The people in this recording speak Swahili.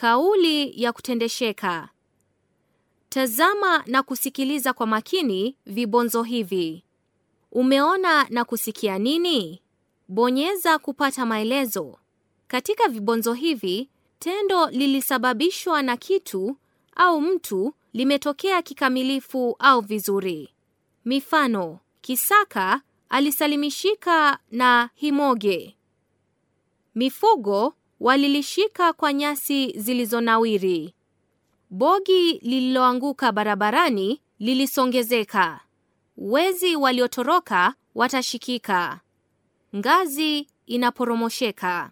Kauli ya kutendesheka. Tazama na kusikiliza kwa makini vibonzo hivi. Umeona na kusikia nini? Bonyeza kupata maelezo. Katika vibonzo hivi, tendo lilisababishwa na kitu au mtu limetokea kikamilifu au vizuri. Mifano: Kisaka alisalimishika na himoge. Mifugo Walilishika kwa nyasi zilizonawiri. Bogi lililoanguka barabarani lilisongezeka. Wezi waliotoroka watashikika. Ngazi inaporomosheka.